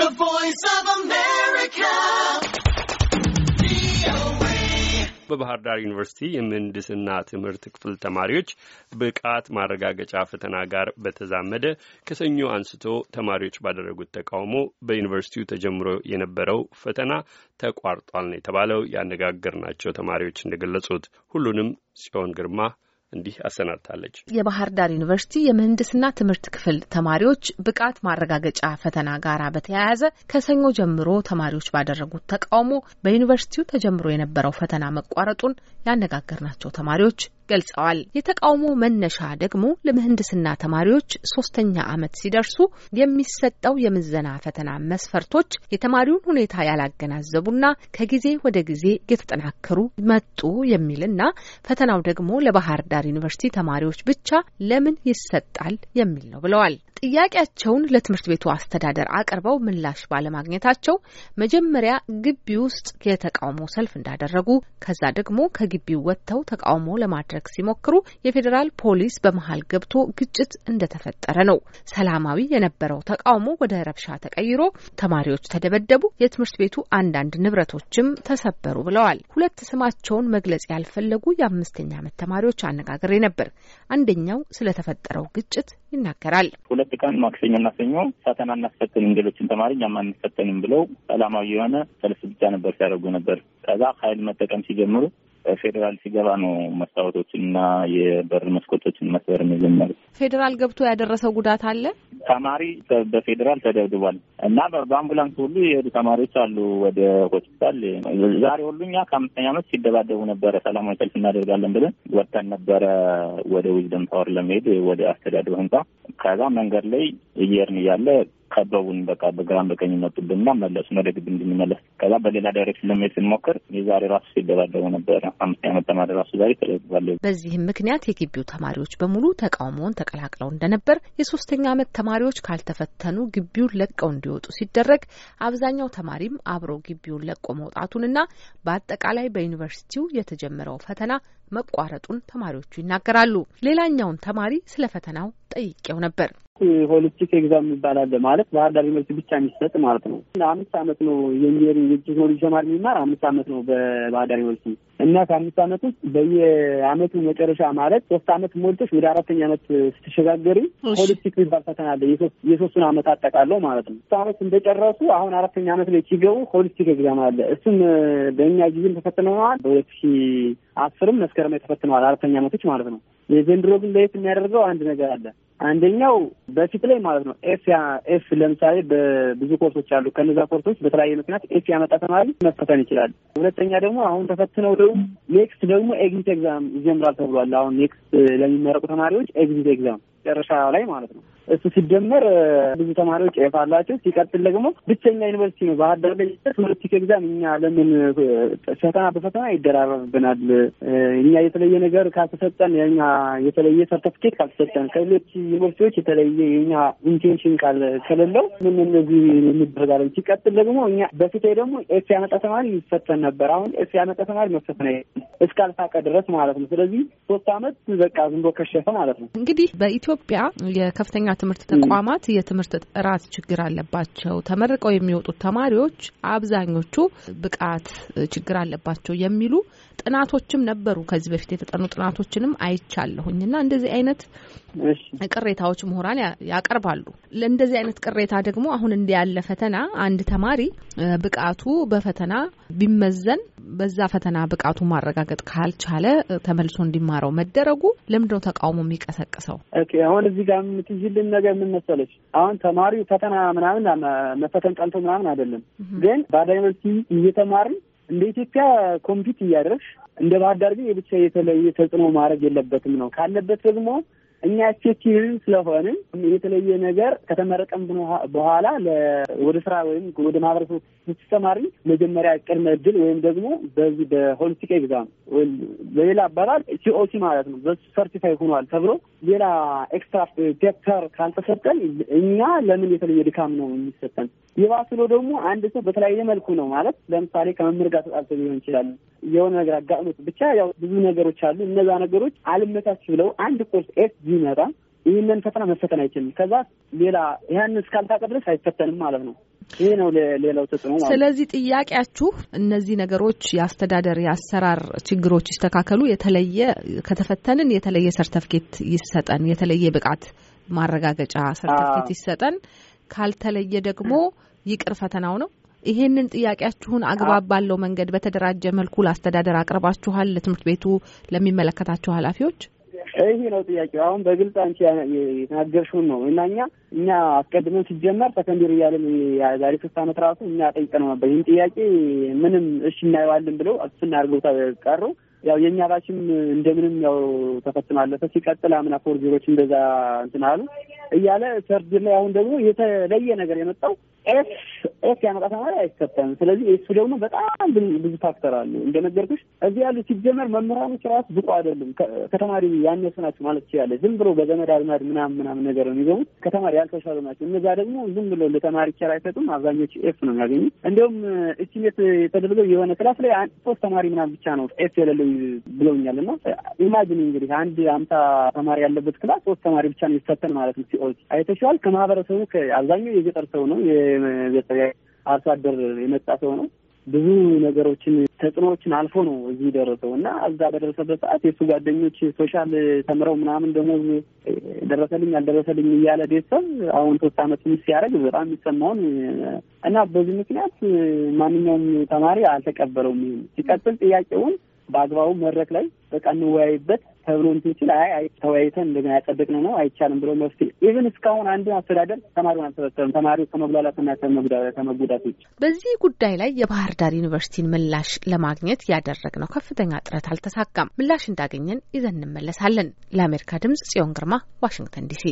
The Voice of America. በባህር ዳር ዩኒቨርሲቲ የምህንድስና ትምህርት ክፍል ተማሪዎች ብቃት ማረጋገጫ ፈተና ጋር በተዛመደ ከሰኞ አንስቶ ተማሪዎች ባደረጉት ተቃውሞ በዩኒቨርሲቲው ተጀምሮ የነበረው ፈተና ተቋርጧል ነው የተባለው። ያነጋገርናቸው ተማሪዎች እንደገለጹት ሁሉንም ጽዮን ግርማ እንዲህ አሰናድታለች። የባህር ዳር ዩኒቨርሲቲ የምህንድስና ትምህርት ክፍል ተማሪዎች ብቃት ማረጋገጫ ፈተና ጋራ በተያያዘ ከሰኞ ጀምሮ ተማሪዎች ባደረጉት ተቃውሞ በዩኒቨርሲቲው ተጀምሮ የነበረው ፈተና መቋረጡን ያነጋገርናቸው ተማሪዎች ገልጸዋል። የተቃውሞ መነሻ ደግሞ ለምህንድስና ተማሪዎች ሶስተኛ ዓመት ሲደርሱ የሚሰጠው የምዘና ፈተና መስፈርቶች የተማሪውን ሁኔታ ያላገናዘቡና ከጊዜ ወደ ጊዜ እየተጠናከሩ መጡ የሚልና ፈተናው ደግሞ ለባህር ዳር ዩኒቨርሲቲ ተማሪዎች ብቻ ለምን ይሰጣል የሚል ነው ብለዋል። ጥያቄያቸውን ለትምህርት ቤቱ አስተዳደር አቅርበው ምላሽ ባለማግኘታቸው መጀመሪያ ግቢ ውስጥ የተቃውሞ ሰልፍ እንዳደረጉ ከዛ ደግሞ ከግቢው ወጥተው ተቃውሞ ለማድረግ ለማድረግ ሲሞክሩ የፌዴራል ፖሊስ በመሀል ገብቶ ግጭት እንደተፈጠረ ነው። ሰላማዊ የነበረው ተቃውሞ ወደ ረብሻ ተቀይሮ ተማሪዎች ተደበደቡ፣ የትምህርት ቤቱ አንዳንድ ንብረቶችም ተሰበሩ ብለዋል። ሁለት ስማቸውን መግለጽ ያልፈለጉ የአምስተኛ ዓመት ተማሪዎች አነጋግሬ ነበር። አንደኛው ስለተፈጠረው ግጭት ይናገራል። ሁለት ቀን ማክሰኞና ሰኞ ፈተና እናስፈትንም ሌሎችን ተማሪ እኛም አንፈተንም ብለው ሰላማዊ የሆነ ሰልፍ ብቻ ነበር ሲያደርጉ ነበር። ከዛ ኃይል መጠቀም ሲጀምሩ ፌዴራል ሲገባ ነው መስታወቶችንና የበር መስኮቶችን መስበር የጀመሩት። ፌዴራል ገብቶ ያደረሰው ጉዳት አለ። ተማሪ በፌዴራል ተደብድቧል እና በአምቡላንስ ሁሉ የሄዱ ተማሪዎች አሉ ወደ ሆስፒታል። ዛሬ ሁሉ እኛ ከአምስተኛ ዓመት ሲደባደቡ ነበረ። ሰላማዊ ሰልፍ እናደርጋለን ብለን ወጥተን ነበረ ወደ ዊዝደም ታወር ለመሄድ ወደ አስተዳደሩ ህንፃ። ከዛ መንገድ ላይ እየሄድን እያለ ከበቡን። በቃ በግራም በቀኝ መጡብን እና መለሱ ወደ ግቢ እንድንመለስ። ከዛ በሌላ ዳይሬክሽን ለመሄድ ስንሞክር የዛሬ ራሱ ሲደባደቡ ነበረ። አምስት ዓመት ተማሪ ራሱ ዛሬ ተለባለ። በዚህም ምክንያት የግቢው ተማሪዎች በሙሉ ተቃውሞውን ተቀላቅለው እንደነበር፣ የሶስተኛ ዓመት ተማሪዎች ካልተፈተኑ ግቢውን ለቀው እንዲወጡ ሲደረግ አብዛኛው ተማሪም አብሮ ግቢውን ለቆ መውጣቱንና በአጠቃላይ በዩኒቨርሲቲው የተጀመረው ፈተና መቋረጡን ተማሪዎቹ ይናገራሉ። ሌላኛውን ተማሪ ስለ ፈተናው ጠይቄው ነበር። ሆሊስቲክ ኤግዛም ይባላል። ማለት ባህር ዳር ዩኒቨርሲቲ ብቻ የሚሰጥ ማለት ነው። አምስት አመት ነው የኢንጂኒሪንግ የቴክኖሎጂ ተማሪ የሚማር አምስት አመት ነው በባህር ዳር ዩኒቨርሲቲ እና ከአምስት አመት ውስጥ በየአመቱ መጨረሻ ማለት ሶስት አመት ሞልቶች ወደ አራተኛ አመት ስትሸጋገሪ ሆሊስቲክ የሚባል ፈተና አለ የሶስቱን አመት አጠቃለው ማለት ነው። ሶስት አመት እንደጨረሱ አሁን አራተኛ አመት ላይ ሲገቡ ሆሊስቲክ ኤግዛም አለ። እሱም በእኛ ጊዜም ተፈትነዋል። በሁለት ሺ አስርም መስከረም ላይ ተፈትነዋል አራተኛ አመቶች ማለት ነው። የዘንድሮ ግን ለየት የሚያደርገው አንድ ነገር አለ አንደኛው በፊት ላይ ማለት ነው ኤፍ ኤፍ ለምሳሌ በብዙ ኮርሶች አሉ። ከነዛ ኮርሶች በተለያየ ምክንያት ኤፍ ያመጣ ተማሪ መፈተን ይችላል። ሁለተኛ ደግሞ አሁን ተፈትነው ደግሞ ኔክስት ደግሞ ኤግዚት ኤግዛም ይጀምራል ተብሏል። አሁን ኔክስት ለሚመረቁ ተማሪዎች ኤግዚት ኤግዛም መጨረሻ ላይ ማለት ነው እሱ ሲደመር ብዙ ተማሪዎች ኤፍ አላቸው። ሲቀጥል ደግሞ ብቸኛ ዩኒቨርሲቲ ነው ባህር ዳር ላይ ፖለቲክ ኤግዛም እኛ ለምን ፈተና በፈተና ይደራረብብናል? እኛ የተለየ ነገር ካልተሰጠን የኛ የተለየ ሰርተፍኬት ካልተሰጠን ከሌሎች ዩኒቨርሲቲዎች የተለየ የኛ ኢንቴንሽን ካል ከሌለው ምን እነዚህ እንደረጋለን። ሲቀጥል ደግሞ እኛ በፊት ደግሞ ኤፍ ያመጣ ተማሪ ይፈተን ነበር። አሁን ኤፍ ያመጣ ተማሪ መፈተን እስካልፋቀ ድረስ ማለት ነው። ስለዚህ ሶስት አመት በቃ ዝንቦ ከሸፈ ማለት ነው። እንግዲህ በኢትዮጵያ የከፍተኛ የትምህርት ተቋማት የትምህርት ጥራት ችግር አለባቸው፣ ተመርቀው የሚወጡት ተማሪዎች አብዛኞቹ ብቃት ችግር አለባቸው የሚሉ ጥናቶችም ነበሩ። ከዚህ በፊት የተጠኑ ጥናቶችንም አይቻለሁኝ እና እንደዚህ አይነት ቅሬታዎች ምሁራን ያቀርባሉ። ለእንደዚህ አይነት ቅሬታ ደግሞ አሁን እንዲ ያለ ፈተና አንድ ተማሪ ብቃቱ በፈተና ቢመዘን በዛ ፈተና ብቃቱ ማረጋገጥ ካልቻለ ተመልሶ እንዲማረው መደረጉ ለምንድነው ተቃውሞ የሚቀሰቅሰው? አሁን እዚህ ጋር የምትይልን ነገር ምን መሰለች? አሁን ተማሪው ፈተና ምናምን መፈተን ጠልቶ ምናምን አይደለም፣ ግን በዳይቨርሲቲ እየተማርን እንደ ኢትዮጵያ ኮምፒት እያደረግሽ እንደ ባህር ዳር ግን የብቻ የተለየ ተጽዕኖ ማድረግ የለበትም ነው ካለበት ደግሞ እኛ ኤክሴኪቲቭ ስለሆንን የተለየ ነገር ከተመረቀም በኋላ ወደ ስራ ወይም ወደ ማህበረሰቡ ስትሰማሪ መጀመሪያ ቅድመ እድል ወይም ደግሞ በዚህ በሆሊስቲክ ኤግዛም ወይም በሌላ አባባል ሲኦሲ ማለት ነው። በሱ ሰርቲፋይ ሆኗል ተብሎ ሌላ ኤክስትራ ፔፐር ካልተሰጠን እኛ ለምን የተለየ ድካም ነው የሚሰጠን? የባስሎ ደግሞ አንድ ሰው በተለያየ መልኩ ነው ማለት ለምሳሌ ከመምህር ጋር ተጣልቶ ሊሆን ይችላል። የሆነ ነገር አጋጥሞት ብቻ ያው ብዙ ነገሮች አሉ። እነዛ ነገሮች አልመቻች ብለው አንድ ኮርስ ኤስ ቢመጣ ይህንን ፈተና መፈተን አይችልም። ከዛ ሌላ ያን እስካልታቀ ድረስ አይፈተንም ማለት ነው። ይህ ነው ሌላው ተጽዕኖ ማለት። ስለዚህ ጥያቄያችሁ እነዚህ ነገሮች የአስተዳደር የአሰራር ችግሮች ይስተካከሉ፣ የተለየ ከተፈተንን የተለየ ሰርተፍኬት ይሰጠን፣ የተለየ ብቃት ማረጋገጫ ሰርተፍኬት ይሰጠን፣ ካልተለየ ደግሞ ይቅር ፈተናው ነው። ይሄንን ጥያቄያችሁን አግባብ ባለው መንገድ በተደራጀ መልኩ ለአስተዳደር አቅርባችኋል? ለትምህርት ቤቱ ለሚመለከታቸው ኃላፊዎች ይሄ ነው ጥያቄው። አሁን በግልጽ አንቺ የተናገርሽውን ነው እና እኛ እኛ አስቀድመን ሲጀመር ሰከንዴሪ እያለን ዛሬ ሶስት ዓመት ራሱ እኛ ጠይቀነው ነበር ይህን ጥያቄ ምንም እሺ እናየዋለን ብለው አስፍና አድርገው ቀሩ። ያው የእኛ ባችም እንደምንም ያው ተፈትኖ ሲቀጥል አምና ፎርዜሮች እንደዛ እንትን አሉ። እያለ ሰርድ ላይ አሁን ደግሞ የተለየ ነገር የመጣው ኤፍ ኤፍ ያመጣ ተማሪ አይሰጠም። ስለዚህ እሱ ደግሞ በጣም ብዙ ፋክተር አሉ እንደነገርኩሽ። እዚህ ያሉ ሲጀመር መምህራኖች ራሱ ብቁ አይደሉም፣ ከተማሪ ያነሱ ናቸው ማለት ይችላለ። ዝም ብሎ በዘመድ አዝማድ ምናምን ምናምን ነገር ነው የሚገቡት፣ ከተማሪ ያልተሻሉ ናቸው። እነዛ ደግሞ ዝም ብሎ ለተማሪ ቸር አይሰጡም። አብዛኞቹ ኤፍ ነው የሚያገኙት። እንዲሁም እችሜት የተደረገው የሆነ ክላስ ላይ ሶስት ተማሪ ምናምን ብቻ ነው ኤፍ የሌለው ብለውኛል። እና ኢማጂን እንግዲህ አንድ አምሳ ተማሪ ያለበት ክላስ ሶስት ተማሪ ብቻ ነው የሚፈተን ማለት ነው ሲያውቁን አይተሸዋል። ከማህበረሰቡ አብዛኛው የገጠር ሰው ነው፣ አርሶ አደር የመጣ ሰው ነው። ብዙ ነገሮችን ተጽዕኖዎችን አልፎ ነው እዚህ ደረሰው እና እዛ በደረሰበት ሰዓት የእሱ ጓደኞች ሶሻል ተምረው ምናምን ደግሞ ደረሰልኝ አልደረሰልኝ እያለ ቤተሰብ አሁን ሶስት አመት ሚስ ሲያደርግ በጣም የሚሰማውን እና በዚህ ምክንያት ማንኛውም ተማሪ አልተቀበለውም። ይሄን ሲቀጥል ጥያቄውን በአግባቡ መድረክ ላይ በቃ እንወያይበት ተብሎ እንትን ሲል አይ ተወያይተን እንደገና ያጸደቅነው ነው አይቻልም ብሎ መፍትሄ ኢቨን እስካሁን አንዱ አስተዳደር ተማሪውን አልሰበሰብም። ተማሪው ከመጉላላትና ከመጉዳት ውጭ በዚህ ጉዳይ ላይ የባህር ዳር ዩኒቨርሲቲን ምላሽ ለማግኘት ያደረግነው ከፍተኛ ጥረት አልተሳካም። ምላሽ እንዳገኘን ይዘን እንመለሳለን። ለአሜሪካ ድምጽ ጽዮን ግርማ ዋሽንግተን ዲሲ